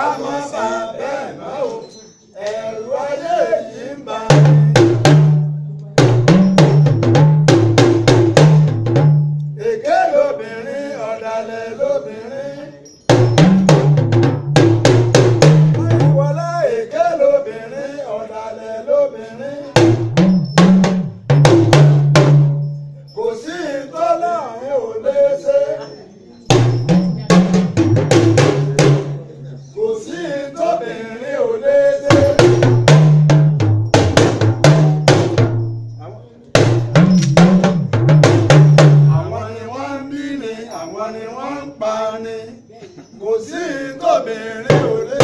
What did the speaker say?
ká má bà bẹ́ẹ̀ mọ́ o ẹ̀rù ayé yìí ń bà mí. èké lobìnrin ọ̀dàlẹ̀ lobìnrin. ìwọlá èké lobìnrin wọ́n ni wọ́n ń pa ni kò sí tóbi rí òde.